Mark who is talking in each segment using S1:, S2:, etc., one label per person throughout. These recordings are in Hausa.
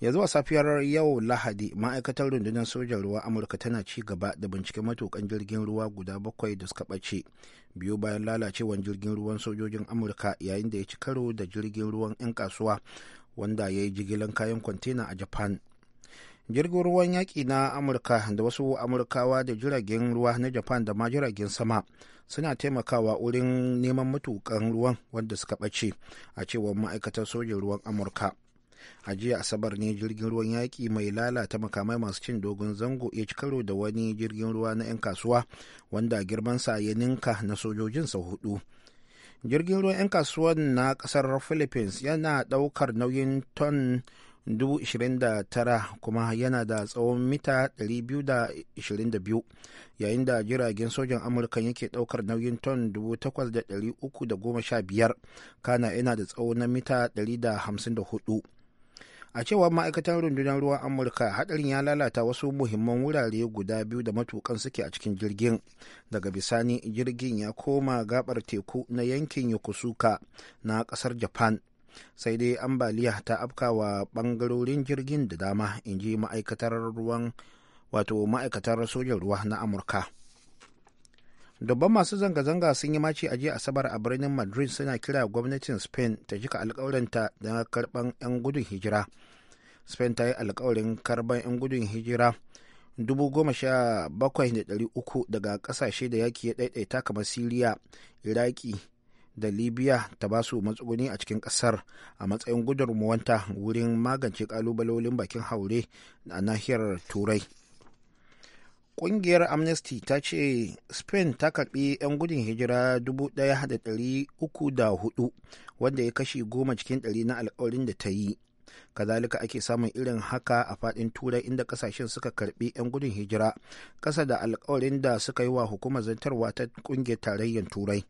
S1: ya zuwa safiyar yau lahadi ma'aikatar rundunar sojan ruwa amurka tana ci gaba da binciken matukan jirgin ruwa guda bakwai da suka ɓace biyu bayan lalacewar jirgin ruwan sojojin amurka yayin da ya ci karo da jirgin ruwan 'yan kasuwa wanda ya yi jigilan kayan kwantena a japan jirgin ruwan yaƙi na amurka da wasu amurkawa da jiragen ruwa na japan da ma jiragen sama suna taimakawa wurin neman matukan ruwan wanda suka ɓace a cewar ma'aikatar sojan ruwan amurka a jiya asabar ne jirgin ruwan yaƙi mai lalata makamai masu cin dogon zango ya ci karo da wani jirgin ruwa na 'yan kasuwa wanda girmansa ya ninka na sojojin sau hudu jirgin ruwan 'yan kasuwan na kasar philippines yana daukar nauyin ton tara kuma yana da tsawon mita 222 yayin da jiragen sojan amurka yake daukar nauyin ton 8,315 kana yana da tsawon na mita 154 a cewa ma'aikatan rundunar ruwan amurka hadarin ya lalata wasu muhimman wurare guda biyu da matukan suke a cikin jirgin daga bisani jirgin ya koma gabar teku na yankin yokosuka na kasar japan sai dai ambaliya ta afkawa bangarorin jirgin da dama in ji ma'aikatar ruwan wato ma'aikatar sojan ruwa na amurka dubban masu zanga-zanga sun yi maci a jiya asabar a birnin madrid suna kira gwamnatin spain ta jika alkawarinta don karban 'yan gudun hijira spain ta yi alkawarin karban 'yan gudun hijira 17,300 daga kasashe da yaki ya daidaita kamar siriya iraki da libya ta ba su matsuguni a cikin kasar a matsayin gudunmuwanta wurin magance kalubalolin bakin haure a nahiyar turai kungiyar Amnesty ta ce Spain ta karbi 'yan gudun hijira 1,304 wanda ya kashi goma cikin ɗari na alkawarin da ta yi. Kazalika ake samun irin haka a fadin Turai inda kasashen suka karbi 'yan gudun hijira kasa da alkawarin da suka yi wa hukumar zantarwa ta kungiyar tarayyar Turai.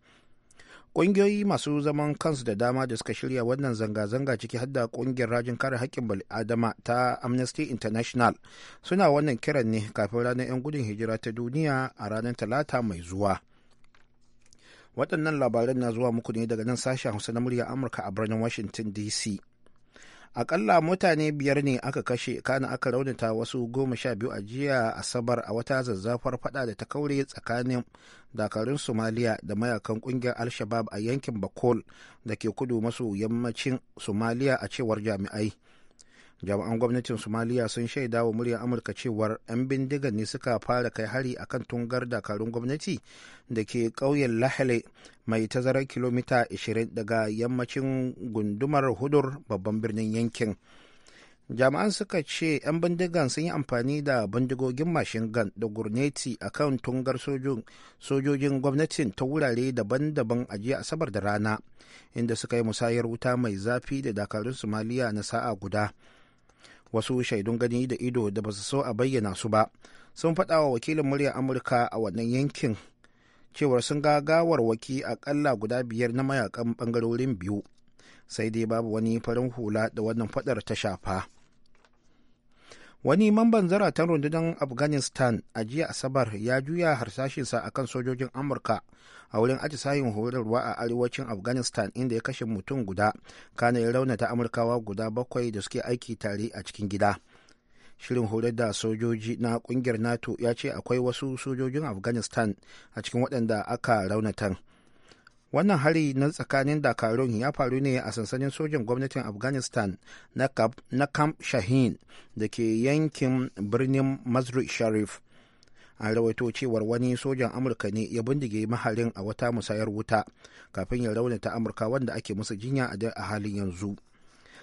S1: ƙungiyoyi masu zaman kansu da dama da suka shirya wannan zanga-zanga ciki har da ƙungiyar rajin kare haƙƙin bal'adama ta amnesty international suna wannan kiran ne kafin ranar 'yan gudun hijira ta duniya a ranar talata mai zuwa waɗannan labaran na zuwa muku ne daga nan sashen hausa na murya amurka a birnin washington dc akalla mutane biyar ne aka kashe kana aka raunata wasu goma sha biyu a jiya asabar a wata zazzafar fada da ta kaure tsakanin dakarun somaliya da mayakan kungiyar al-shabab a yankin bakol da ke kudu maso yammacin somaliya a cewar jami'ai jami'an gwamnatin somaliya sun shaida wa muryar amurka cewar 'yan bindigar ne suka fara kai hari a kan tungar dakarun gwamnati da ke ƙauyen lahale mai tazarar kilomita 20 daga yammacin gundumar hudur babban birnin yankin jami'an suka ce 'yan bindigan sun yi amfani da bindigogin mashin gan da gurneti a kan tungar sojojin gwamnatin ta wurare daban-daban a jiya asabar da rana inda suka yi musayar wuta mai zafi da dakarun somaliya na sa'a guda wasu shaidun gani da ido da ba su so a bayyana su ba sun faɗa wa wakilin murya amurka a wannan yankin cewar sun ga gawarwaki akalla guda biyar na mayakan ɓangarorin biyu sai dai babu wani farin hula da wannan faɗar ta shafa. wani mamban zaratan rundunar afghanistan a jiya asabar ya juya harsashinsa a kan sojojin amurka a wurin sayin horarwa a arewacin afghanistan inda ya kashe mutum guda kana ya raunata amurkawa guda bakwai da suke aiki tare a cikin gida shirin horar da sojoji na kungiyar nato ya ce akwai wasu sojojin afghanistan a cikin waɗanda aka raunatan wannan hari na tsakanin dakarun ya faru ne a sansanin sojin gwamnatin afghanistan na camp shahin da ke yankin birnin mazru sharif an rawaito cewar wani sojan amurka ne ya bindige maharin a wata musayar wuta kafin ya raunata amurka wanda ake musu jinya a a halin yanzu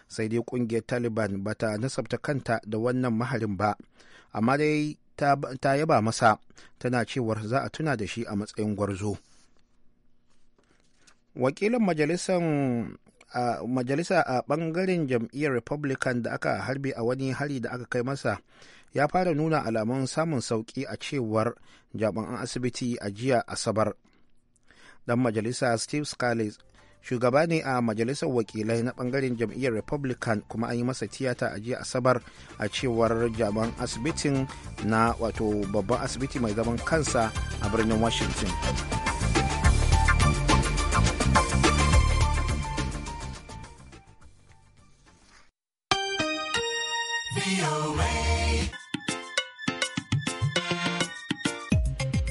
S1: sai dai kungiyar taliban ba ta nasabta kanta da wannan maharin ba amma dai ta yaba masa tana cewar za a tuna da shi a matsayin gwarzo. wakilin majalisar a majalisa a bangaren jam'iyyar republican da aka harbe a wani hari da aka kai masa ya fara nuna alamun samun sauki a cewar jami'an asibiti a jiya asabar dan majalisa steve scales shugaba ne a majalisar wakilai na bangaren jam'iyyar republican kuma an yi masa tiyata a jiya asabar a cewar jami'an asibitin na wato babban asibiti mai zaman kansa a birnin washington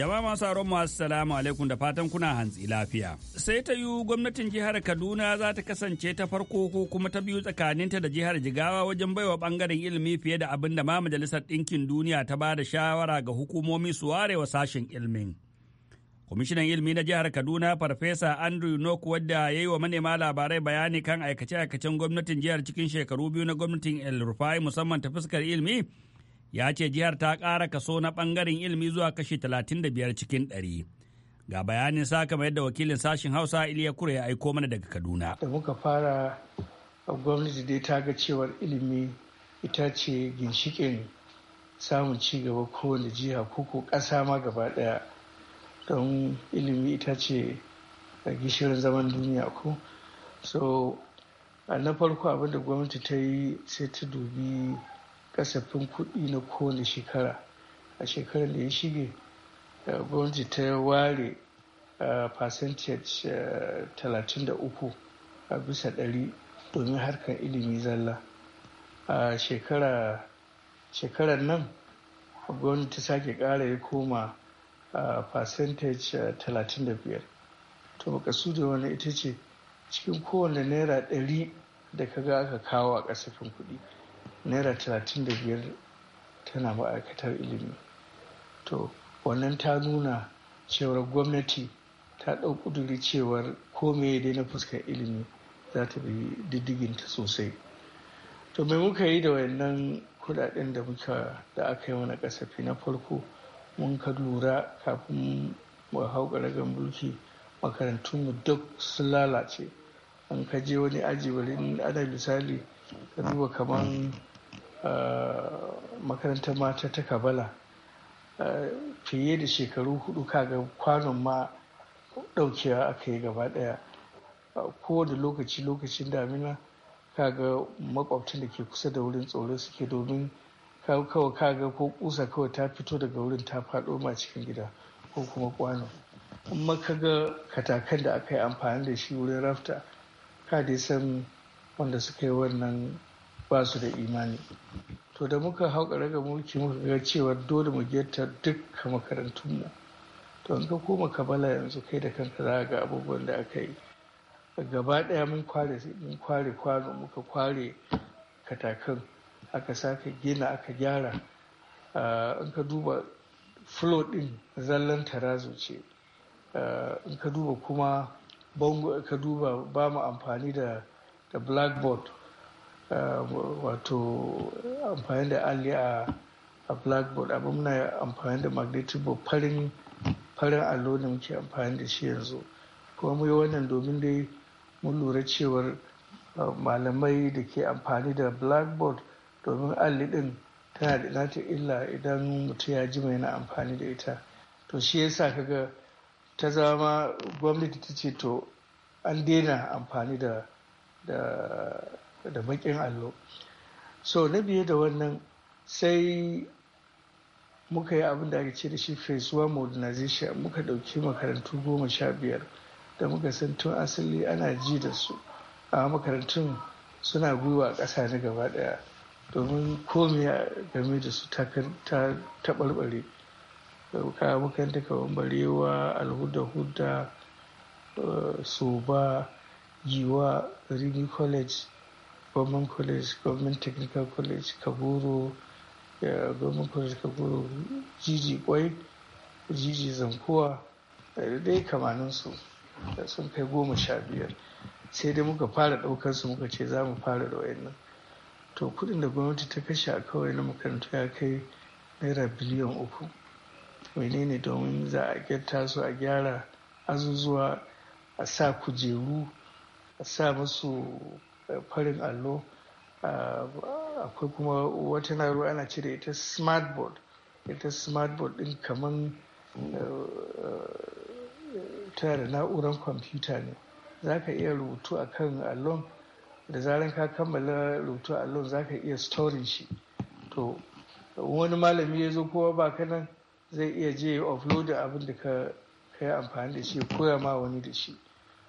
S2: Jama'a masu aron mu assalamu alaikum da fatan kuna hantsi lafiya. Sai ta yiwu gwamnatin jihar Kaduna za ta kasance ta farko ko kuma ta biyu tsakaninta da jihar Jigawa wajen baiwa bangaren ilimi fiye da abin da ma majalisar ɗinkin duniya ta ba da shawara ga hukumomi su ware wa sashen ilimin. Kwamishinan ilimi na jihar Kaduna Farfesa Andrew Nok wadda ya yi wa manema labarai bayani kan aikace-aikacen gwamnatin jihar cikin shekaru biyu na gwamnatin El Rufai musamman ta fuskar ilimi ya ce jihar ta ƙara kaso na ɓangaren ilimi zuwa kashi 35 cikin 100. Ga bayanin sa kamar yadda wakilin sashen Hausa Iliya Kure ya aiko mana daga Kaduna.
S3: Da muka fara gwamnati dai ta ga cewar ilimi ita ce ginshikin samun ci gaba kowane jiha ko ko ƙasa ma gaba ɗaya don ilimi ita ce gishirin zaman duniya ko so na farko abinda gwamnati ta yi sai ta dubi kasafin kuɗi na kowane shekara a shekarar da ya shige eh, gwamnati ta ware eh, percentage eh, uku a bisa ɗari domin harkar ilimi zalla a shekarar nan gwamnati ta sake ƙara ya koma percentage biyar. to da wani ita ce cikin kowane naira ɗari da kaga aka kawo a kasafin kuɗi naira talatin da biyar tana ma'aikatar ilimi to wannan ta nuna cewar gwamnati ta ɗau ƙuduri cewar kome dai na fuskar ilimi za ta bi diddiginta sosai to mai muka yi da wannan kudaden da muka da aka yi wani kasafi na farko mun ka lura kafin mu hau ragar mulki makarantunmu duk sun lalace an ka je wani aji bari ana misali ka duba kamar Eh, makarantar mata ta kabala eh, fiye da shekaru hudu kaga kwanon ma daukewa aka yi gaba daya eh, kowane lokaci lokacin damina kaga makwabtan da ke kusa da wurin tsoro suke domin kawai kaga ko kusa kawai ta fito daga wurin ta faɗo ma cikin gida ko kuma kwano amma kaga katakan da aka yi amfani da shi wurin rafta ka dai san wanda suka yi wannan ba su da imani to da muka hauka raga mulki muka ga cewa dole mu geta dukkan makarantun mu to in ka koma kabala yanzu kai da kanka za ga abubuwan da aka yi gaba ɗaya mun kware mun kware kwano muka kware katakan aka sake gina aka gyara in ka duba flo ɗin zallan tarazo ce in ka duba kuma bango ka duba ba mu amfani da blackboard wato amfani da alli a blackboard abin muna amfani da magnetic board farin farin allo da muke amfani da shi yanzu kuma mu yi wannan domin dai mun lura cewar uh, malamai da ke amfani da blackboard domin alli din tana da nata illa idan mutum ya ji mai na amfani da ita to shi yasa kaga ta zama gwamnati ta ce to an daina amfani da da bakin allo so na biye da wannan sai muka yi abin da ake ce da shi face one modernization muka ɗauki makarantu goma sha biyar da muka san tun asali ana ji da su a makarantun suna gwiwa a ƙasa na gaba ɗaya domin komi game da su ta taɓarɓare ka makaranta kamar barewa alhuda-huda eh, soba giwa rimi college government college government technical college kaburo government college kaburo jiji kwai jiji zankuwa da dai kamaninsu sun kai goma sha biyar sai dai muka fara ɗaukar su muka ce za mu fara da wayannan to kudin da gwamnati ta kashe a kawai na makarantu ya kai naira biliyan uku ne domin za a gyarta su a gyara azuzuwa a sa kujeru a sa masu farin allo ah, akwai kuma wata ruwa ana cire ita smart board ita smart board din kaman ah, tana da na'uran kwamfuta ne za ka iya rubutu a kan allon da zarar ka kammala rubutu allon za ka iya storin shi to wani malami ya zo kowa ba ka nan zai iya je offload abin da ka yi amfani da shi koya ma wani da shi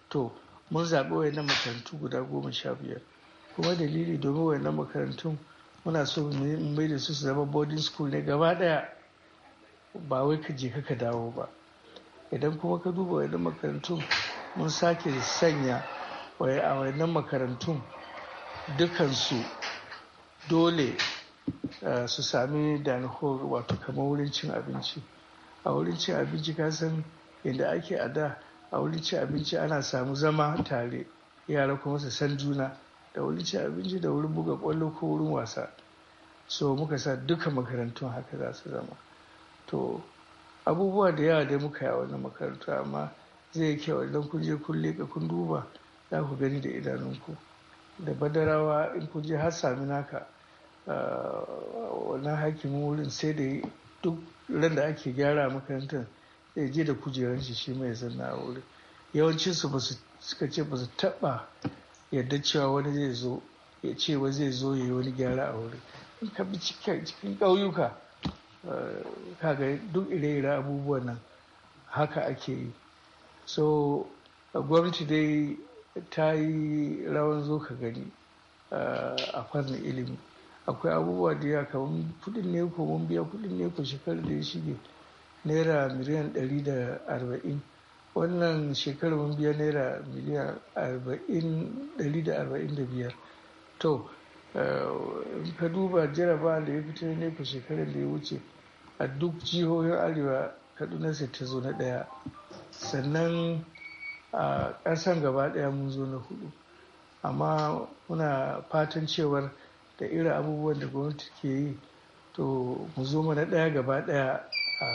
S3: to mun zaɓi wayannan makarantu guda goma sha biyar kuma dalili domin wayannan makarantun muna so mu mai da su su zama boarding school ne gaba ɗaya ba wai ka je ka dawo ba idan kuma ka duba wayannan makarantun mun sake sanya a wayannan makarantun dukansu dole eh, su sami danho wato kamar wurin cin abinci a wurin cin abinci kasan inda ake a da a wulici abinci ana samu zama tare yara kuma su san juna da wuri abinci da wurin buga kwallo ko wurin wasa so muka sa duka makarantun haka za su zama to abubuwa da yawa dai muka yi a wannan makarantu amma zai yi kyau idan kun je kun leƙa kun duba za ku gani da idanunku da badarawa in kun je har sami naka ah, wannan hakimin wurin sai da duk ran da ake gyara makarantar ya je da kujeran shi shi mai zanna a wuri yawanci su suka ce ba su taba yadda cewa wani zai zo ya ce wa zai zo ya yi wani gyara a wuri in ka bi cikin ƙauyuka eh, kaga duk ire-ire abubuwan nan haka ake yi so gwamnati dai ta yi rawan zo ka gani eh, a fannin ilimi akwai abubuwa da ya kamar kudin ne ko mun biya kudin ne ko shekarar da ya shige naira miliyan 140 wannan shekarar mun biya naira miliyan 145 to eh, ka duba jaraba da ya fito ne ku shekarar da ya wuce a duk jihohin arewa kaduna sai ta zo na daya sannan a ƙasan gaba daya mun zo na hudu amma muna fatan cewar da irin abubuwan da gwamnati ke yi to mu zo mana daya gaba daya a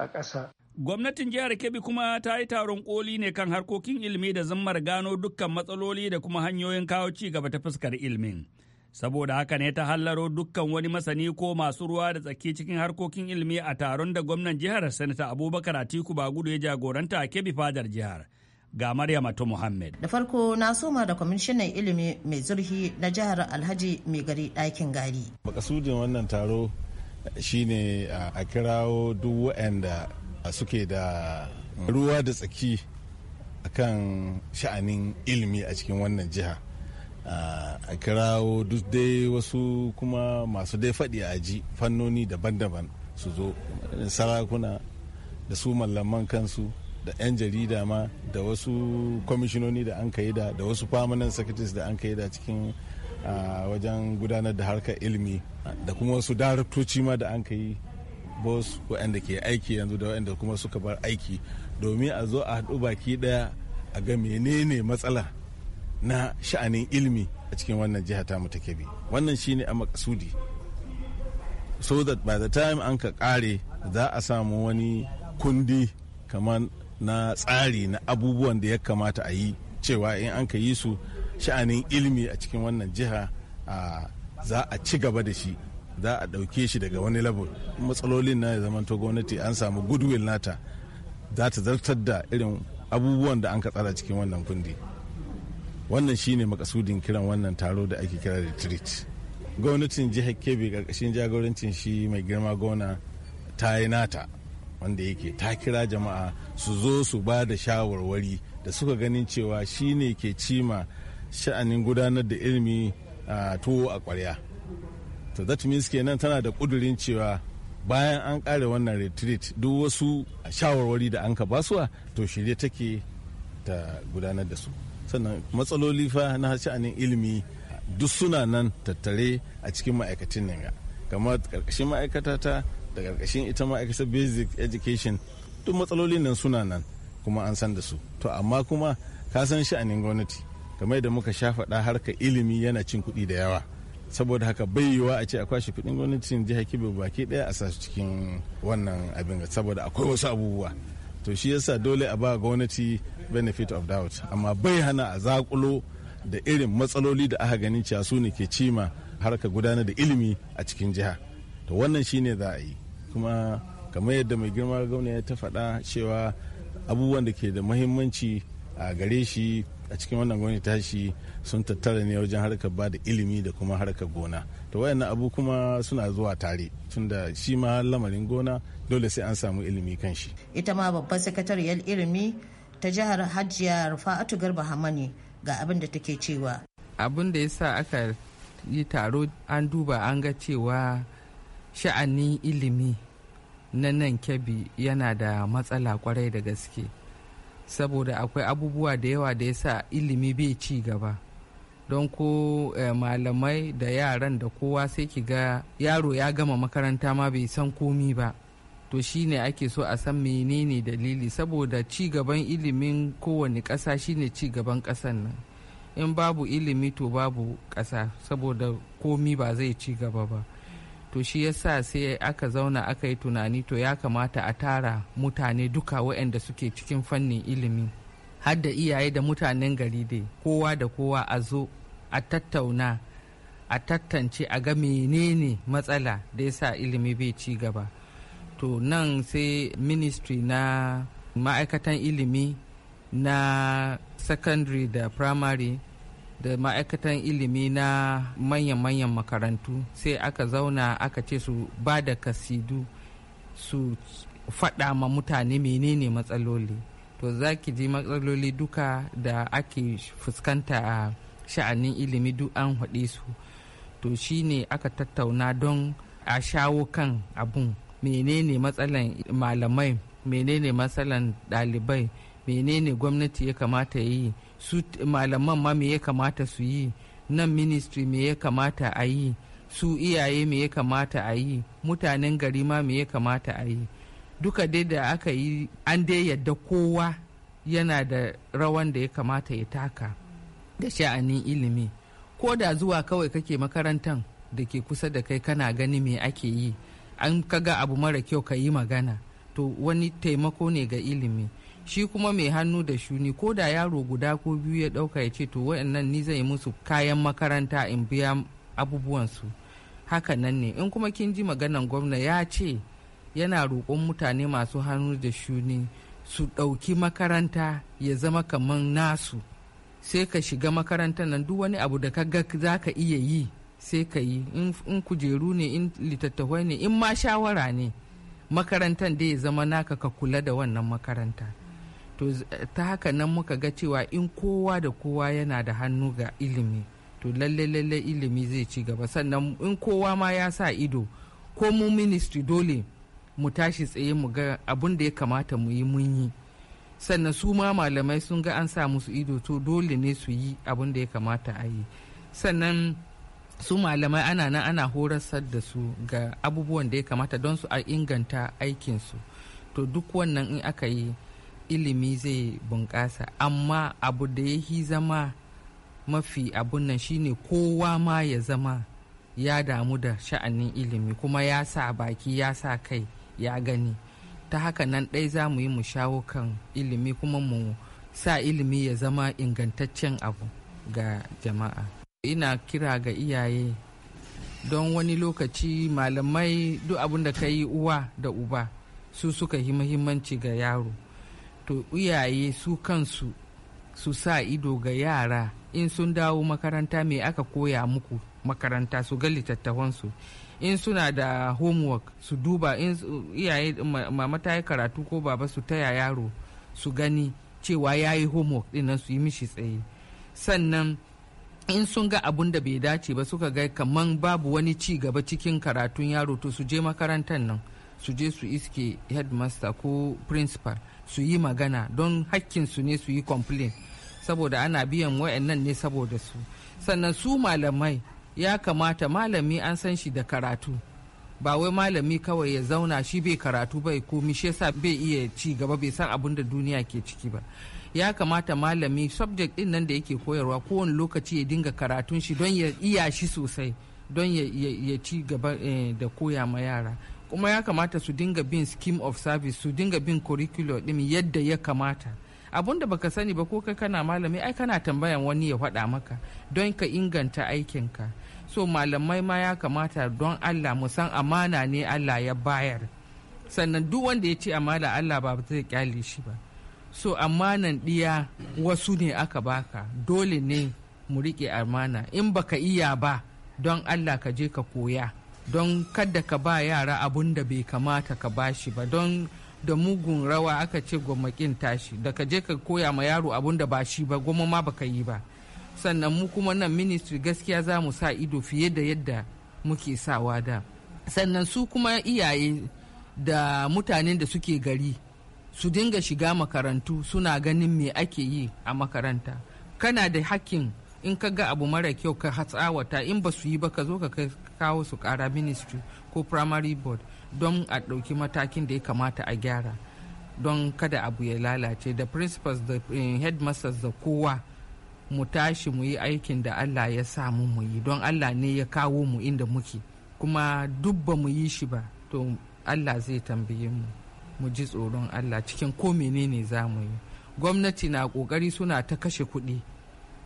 S3: a ƙasa.
S2: Gwamnatin jihar Kebbi kuma ta yi taron koli ne kan harkokin ilimi da zammar gano dukkan matsaloli da kuma hanyoyin kawo ci gaba ta fuskar ilimin. Saboda haka ne ta hallaro dukkan wani masani ko masu ruwa da tsaki cikin harkokin ilimi a taron da gwamnan jihar Sanata Abubakar Atiku Bagudu ya jagoranta a Kebbi fadar jihar. ga Maryamatu Muhammad.
S4: Da farko na soma da kwamishinan ilimi mai zurfi na jihar Alhaji mai gari ɗakin gari.
S5: Makasudin wannan taro shine a kirawo duk waɗanda suke da ruwa da tsaki a kan sha'anin ilimi a cikin wannan jiha a kirawo duk dai wasu kuma masu dai faɗi a ji fannoni daban-daban su zo sarakuna da su mallaman kansu da 'yan jarida ma da wasu kwamishinoni da an yi da wasu permanent secretaries da an yi da cikin wajen gudanar da harkar ilimi da kuma wasu daraktoci ma da an ka yi bos waɗanda ke aiki yanzu da wanda kuma suka bar aiki domin a zo a haɗu baki ɗaya a ga menene matsala na sha'anin ilimi a cikin wannan jiha ta ke bi wannan shine a makasudi so that by the time an ka kare za a samu wani kundi kamar na tsari na abubuwan da ya kamata a yi cewa in an ka yi su sha'anin ilimi a cikin wannan jiha a ah, za a ci gaba da shi za a ɗauke shi daga wani level matsalolin na ya zamanto gwamnati an samu goodwill nata za ta zartar da irin abubuwan da an ka tsara cikin wannan kundi wannan shine makasudin kiran wannan taro da ake kira treat gwamnatin jihar kebbi karkashin jagorancin shi mai girma gona ta yi nata wanda yake ta kira jama'a su zo su ba da shawarwari da suka ganin cewa shi ne ke cima sha'anin gudanar da ilimi tuwo a kwarya to that means kenan tana da kudurin cewa bayan an kare wannan retreat duk wasu shawarwari da an ka basuwa to shirye take ta gudanar da su sannan matsaloli fa na sha'anin ilimi duk suna nan tattare a cikin ma'aikacin nan kamar karkashin ma'aikata ta da karkashin ita ma'aikatar basic education duk matsalolin nan suna nan kuma an san da su to amma kuma ka san sha'anin gwamnati kamar da muka sha faɗa harkar ilimi yana cin kuɗi da yawa saboda haka bai yiwuwa a ce a kwashe kuɗin gwamnatin jihar kebbi baki ɗaya a sasu cikin wannan abin saboda akwai wasu abubuwa to shi yasa dole a ba gwamnati benefit of doubt amma bai hana a zakulo da irin matsaloli da aka ganin cewa su ne ke cima harka gudanar da ilimi a cikin jiha to wannan shine za a yi kuma kamar yadda mai girma gwamna ya ta faɗa cewa abubuwan da ke da muhimmanci a gare shi a cikin wannan gwamnati tashi sun tattara ne wajen harkar ba da ilimi da kuma harkar gona to wayannan abu kuma suna zuwa tare tunda shi ma lamarin gona dole sai an samu ilimi kan shi ita ma babbar sakatariyar ilimi ta jihar hajiya rufa'atu garba hamani ga abin da take cewa
S6: abin da yasa aka yi taro an duba an ga cewa sha'anin ilimi na nan kebbi yana da matsala kwarai da gaske saboda akwai abubuwa da yawa da ya sa ilimi bai ci gaba don ko eh, malamai da yaran da kowa sai ki ga yaro ya gama makaranta ma bai san komi ba to shine ake so a san menene dalili saboda ci gaban ilimin kowane ƙasa shine ci gaban ƙasan nan in babu ilimi to babu ƙasa saboda komi ba zai ci gaba ba to shi yasa sai aka zauna aka yi tunani to ya kamata a tara mutane duka waɗanda suke cikin fannin ilimi har da iyaye da mutanen gari dai kowa da kowa a zo a tattauna a tattance a ga menene matsala da ya sa ilimi bai ci gaba to nan sai ministry na ma'aikatan ilimi na secondary da primary da ma'aikatan ilimi na manyan-manyan makarantu sai aka zauna aka ce su ba da kasidu su faɗa ma mutane menene matsaloli to za ki ji matsaloli duka da ake fuskanta a sha'anin ilimi duk an haɗe su to shi ne aka tattauna don a shawo kan abun menene matsalan malamai menene matsalan ɗalibai menene gwamnati ya kamata yi su malaman ma me ya kamata su yi nan ministry me ya kamata a yi su iyaye me ya kamata a yi mutanen gari ma me ya kamata a yi duka dai da aka yi an dai yadda kowa yana da rawan da ya kamata ya taka da sha'anin ilimi ko da zuwa kawai kake makarantan da ke kusa da kai kana gani me ake yi an kaga abu mara kyau ka yi magana to wani taimako ne ga ilimi shi kuma mai hannu da shuni ko da yaro guda ko biyu ya ɗauka ya ce to wayannan ni zai musu kayan makaranta in biya abubuwansu haka nan ne in kuma kin ji maganan gwamna ya ce yana roƙon mutane masu hannu da shuni su ɗauki makaranta ya zama kamar nasu sai ka shiga makarantar nan duk wani abu da ka ga za ka iya yi sai ka yi in kujeru ne in littattafai ne in ma shawara ne makarantar da ya zama naka ka kula da wannan makaranta to ta haka nan muka ga cewa in kowa da kowa yana da hannu ga ilimi to lalle lalle ilimi zai ci gaba sannan in kowa ma ya sa ido ko mu ministry dole mu tashi tsaye mu ga abin da ya kamata mu yi mun yi sannan su ma malamai sun ga an sa musu ido to dole ne su yi abin da ya kamata a yi sannan su malamai ana nan ana horasar da su ga abubuwan da ya kamata don su a inganta aikinsu to duk wannan in aka yi ilimi zai bunƙasa amma abu da ya zama mafi abun nan shine kowa ma ya zama ya damu da sha'anin ilimi kuma ya sa baki ya sa kai ya gani ta haka nan ɗai za mu yi mu shawo kan ilimi kuma mu sa ilimi ya zama ingantaccen abu ga jama'a ina kira ga iyaye don wani lokaci malamai duk abin da ka yi uwa da uba su suka yi muhimmanci ga yaro to iyaye su kansu su sa ido ga yara in sun dawo makaranta me aka koya muku makaranta su ga littattafansu in suna da homework su duba in iyaye mama ta yi karatu ko baba su taya yaro su gani cewa ya yi homework dinnan su yi mishi tsaye sannan in sun ga abun da bai dace ba suka ga kaman babu wani ci gaba cikin karatun yaro to su je makarantar nan su je su iske headmaster ko principal su yi magana don su ne su yi complain saboda ana biyan wayannan ne saboda su sannan su malamai ya kamata malami an san shi da karatu ba wai malami kawai ya zauna shi bai karatu bai komi shi yasa bai iya ci gaba bai san abin da duniya ke ciki ba ya kamata malami subject din nan da yake koyarwa kowane lokaci ya dinga karatun shi don ya iya shi sosai don ya ci gaba eh, da koya ma yara kuma ya kamata su dinga bin scheme of service su dinga bin curriculum din yadda ya kamata abun da baka sani ba ko kai kana malami ai kana tambayan wani ya faɗa maka don ka inganta aikinka so malamai ma ya kamata don allah mu san amana ne allah ya bayar sannan duk wanda ya ce amana allah ba zai kyale shi ba so amanan diya wasu ne aka baka dole ne mu riƙe amana in baka iya ba don allah ka je ka koya don kada ka ba yara abun da bai kamata ka ba shi ba don da mugun rawa aka ce gwamnatin tashi da ka je ka koya ma yaro abun da ba shi ba goma ma baka yi ba sannan mu kuma nan ministry gaskiya za mu sa ido fiye da yadda muke sawa da sannan su kuma iyaye da mutanen da suke gari su dinga shiga makarantu suna ganin me ake yi a makaranta kana da hakkin in ka ga abu mara kyau ka hatsawata in ba su yi ba ka zo ka kawo su kara ministry ko primary board don a ɗauki matakin da ya kamata a gyara don kada abu ya lalace da principals da eh, headmasters da kowa mu tashi mu yi aikin da allah ya samu mu yi don allah ne ya kawo mu inda muke kuma duk ba mu yi shi ba to allah zai tambaye mu mu ji tsoron allah cikin ko menene za mu yi gwamnati na kokari suna ta kashe kuɗi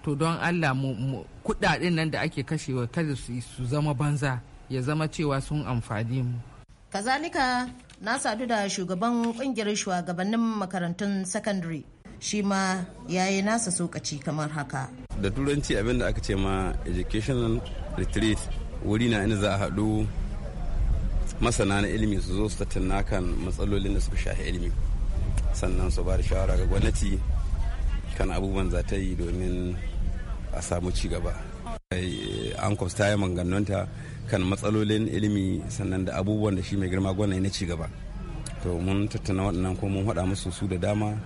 S6: to don allah mu kudaden nan da ake kashewa kada su zama banza ya zama cewa sun amfani mu
S4: kazalika na sadu da shugaban kungiyar shugabannin makarantun sakandare shi ma ya yi nasa sokaci kamar haka
S7: da turanci abin da aka ce ma educational retreat wuri na inda za a haɗu masana na ilimi su zo su tattauna kan matsalolin da suka shafi ilimi sannan su ba da shawara ga gwamnati kan abubuwan za ta yi domin a samu ci gaba an ta yi manganonta kan matsalolin ilimi sannan da abubuwan da shi mai girma gwamnati na ci gaba to mun tattauna waɗannan ko mun haɗa musu su da dama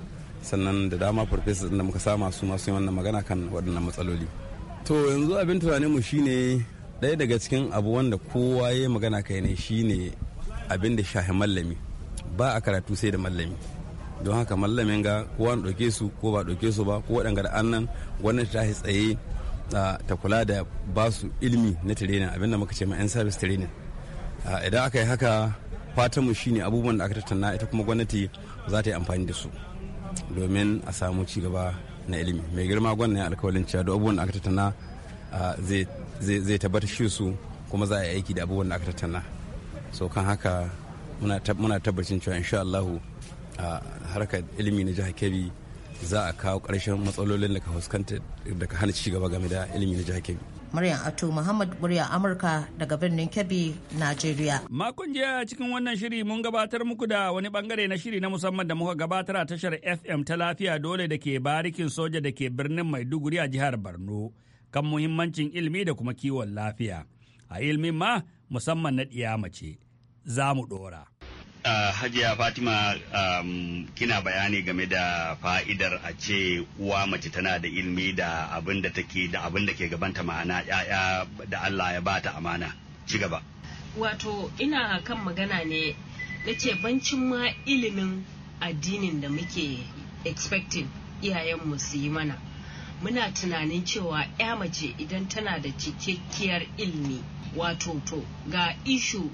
S7: sannan da dama farfesa da muka sama su masu wannan magana kan waɗannan matsaloli to yanzu abin tunanin mu shine ɗaya daga cikin abu wanda kowa ya magana kai ne shine abin da shahi mallami ba a karatu sai da mallami don haka mallamin ga kowa na ɗauke su ko ba ɗauke su ba ko waɗanga da annan gwamnati ta tsaye ta kula da ba su ilimi na training abinda muka ce ma 'yan service training idan aka yi haka fatan mu shine abubuwan da aka tattauna ita kuma gwamnati za ta yi amfani da su domin a samu ci gaba na ilimi mai girma gwamnati alkawalin cewa da abubuwan da aka tattauna zai tabbatar shi su kuma za a yi aiki da abubuwan da aka tattauna so kan haka muna tabbacin cewa insha Allahu a harkar ilimi na jihar kebbi za a kawo karshen matsalolin da ka fuskanta da ka hana cigaba game da ilimi na jihar kebbi
S4: Maryam Ato Muhammad murya Amurka daga birnin Kebbi, Najeriya.
S2: Makon jiya cikin wannan shiri mun gabatar muku da wani bangare na shiri na musamman da muka gabatar a tashar FM ta lafiya dole da ke barikin soja da ke birnin Maiduguri a jihar Borno kan muhimmancin ilimi da kuma kiwon lafiya. A ilmin ma musamman na ɗiya mace. Za mu ɗora. Uh, hajiya fatima um, kina bayani game da fa'idar a ce uwa mace tana da ilmi da abin da take da abin da ke gabanta ma'ana ya'ya da allah ya bata amana ci gaba
S4: wato ina kan magana ne na ce bancin ma ilimin addinin da muke expecting iyayenmu su yi mana muna tunanin cewa ya mace idan tana da cikakkiyar ilmi wato to ga ishu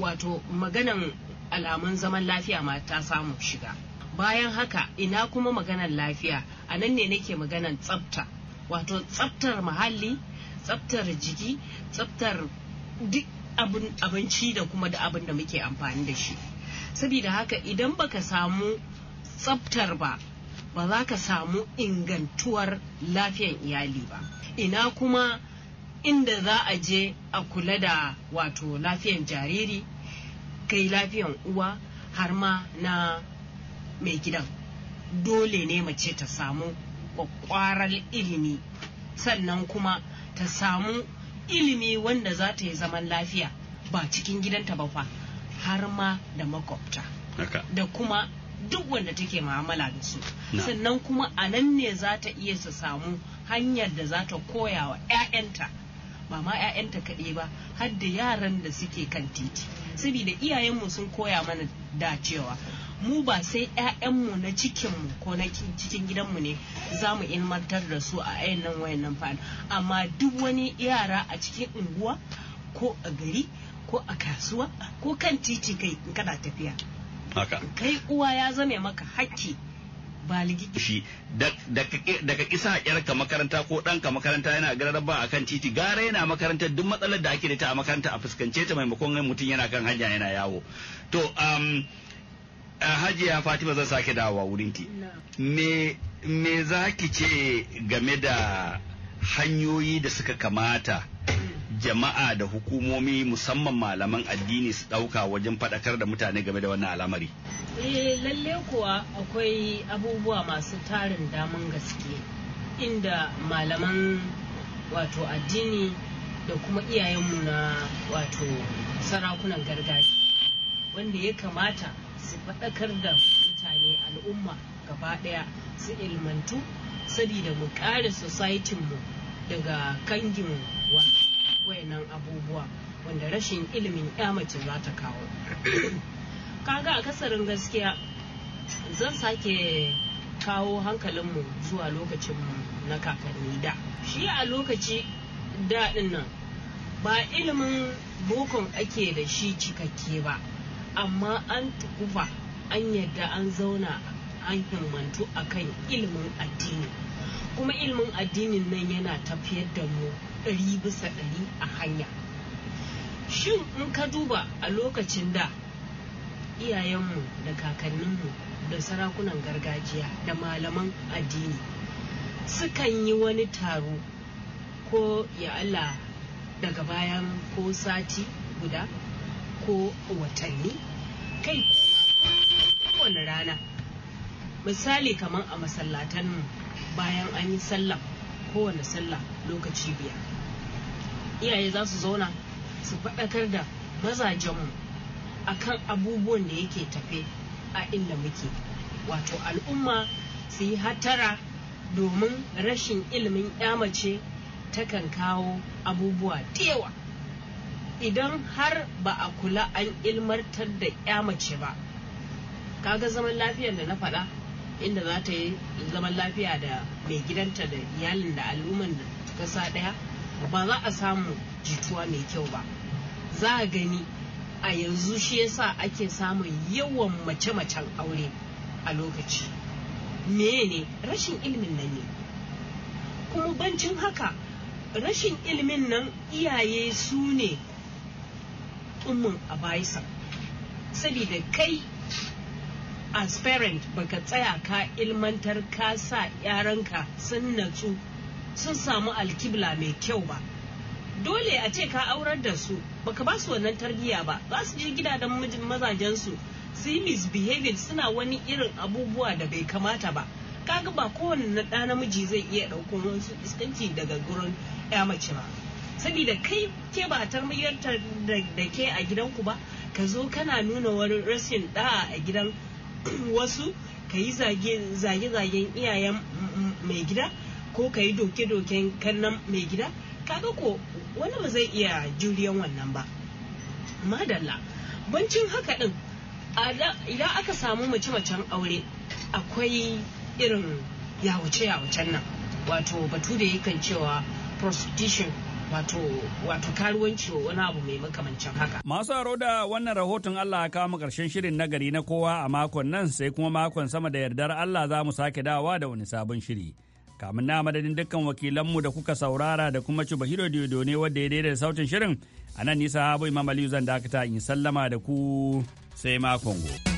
S4: wato maganan alamun zaman lafiya ma ta samu shiga bayan haka ina kuma maganan lafiya a nan ne nake maganan tsafta wato tsaftar muhalli tsaftar jiki tsaftar duk abinci da kuma da abin da muke amfani da shi Sabida haka idan baka samu tsaftar ba ba za ka samu ingantuwar lafiyan iyali ba ina kuma inda za a je a kula da wato lafiyan jariri kai lafiyan uwa har ma na mai gidan dole ne mace ta samu kwakwarar ilimi sannan kuma ta samu ilimi wanda za ta yi zaman lafiya ba cikin gidanta ba fa har ma da makwabta da kuma duk wanda take ma'amala da su sannan kuma a nan ne za ta iya su samu hanyar da za ta koya wa 'ya'yanta ba ma 'ya'yanta kaɗai ba har da yaran da suke kan titi saboda iyayenmu sun koya mana da cewa mu ba sai 'ya'yanmu na cikinmu ko na cikin gidanmu ne za mu ilmantar da su a wayan wayannan fa'an amma duk wani yara a cikin unguwa ko a gari ko a kasuwa ko kan titi kai kana tafiya kai uwa ya zame maka hakki
S2: ba shi da ka kisa yarka makaranta ko ɗanka makaranta yana gararraba a kan titi gara yana makarantar duk matsalar da ake da ta a makaranta a fuskance ta maimakon mutum yana kan hanya yana yawo to um, hajiya fatima zan sake dawowa wurinki me me za ki ce game da hanyoyi da suka kamata jama'a da hukumomi musamman malaman addini su ɗauka wajen faɗakar da mutane game da wannan al'amari?
S4: Eh, lalle kuwa akwai abubuwa masu tarin daman gaske inda malaman wato addini da kuma iyayenmu na wato sarakunan gargajiya wanda ya kamata su faɗakar da mutane al'umma gaba ɗaya su ilmantu sabida mu kare mu daga kangin wato wayannan abubuwa wanda rashin ilimin ya mace za ta kawo kaga a kasarin gaskiya zan sake kawo hankalinmu zuwa lokacinmu na kakanni da shi a lokaci daɗin nan ba ilimin bokon ake da shi cikakke ba amma an tukufa an yadda an zauna an himmantu akan ilimin addini kuma ilimin addinin nan yana tafiyar da mu ɗari bisa ɗari a hanya shin in ka duba a lokacin da iyayenmu da kakanninmu da sarakunan gargajiya da malaman addini sukan yi wani taro ko ya Allah daga bayan ko sati guda ko watanni kai kowane rana misali kamar a masallatanmu bayan an yi sallah kowane sallah lokaci biya, iyaye za su zauna su faɗakar da mazajenmu a kan abubuwan da yake tafe a inda muke wato al'umma su yi hatara domin rashin ilimin mace takan kawo abubuwa yawa idan har ba a kula an ilmartar da mace ba kaga zaman lafiyar da na faɗa inda za ta yi zaman lafiya da mai gidanta da iyalin da al'umman kasa daya ba za a samu jituwa mai kyau ba za a gani a yanzu shi yasa ake samun yawan mace-macen aure a lokaci ne rashin ilimin nan ne kuma bancin haka rashin ilimin nan iyaye su ne tummin a bayisa sabida kai as parent baka tsaya ka ilmantar ka sa yaranka sun natsu sun samu alkibla mai kyau ba dole a ce ka aurar da su baka ba su wannan tarbiyya ba za su je gidajen mazajensu su yi misbehaving suna wani irin abubuwa da bai kamata ba kaga ba kowane ɗa namiji zai iya ɗauko wasu iskanci daga gurin ya mace ba sabida kai ke ba tarbiyyar da ke a gidanku ba ka zo kana nuna wani rashin ɗa a gidan wasu ka yi zage-zagen iyayen mai gida ko ka yi doke-doken kannan mai gida kaga ko wani ba zai iya juriyan wannan ba madalla bancin haka din idan aka samu mace-macen aure akwai irin yawuce-yawucen nan wato batu da yakan cewa prostitution wato karuwanci wa wani abu mai makamancin haka. Masu aro da wannan
S2: rahoton Allah ya kama karshen shirin nagari na kowa a makon nan sai kuma makon sama da yardar Allah za mu sake dawa da wani sabon shiri. Kamin na madadin dukkan wakilanmu da kuka saurara da kuma ci Cibahiro Diodo ne wadda ya daidai da sautin shirin a nan nisa habu Imam Aliyu zan dakata in sallama da ku sai makon gobe.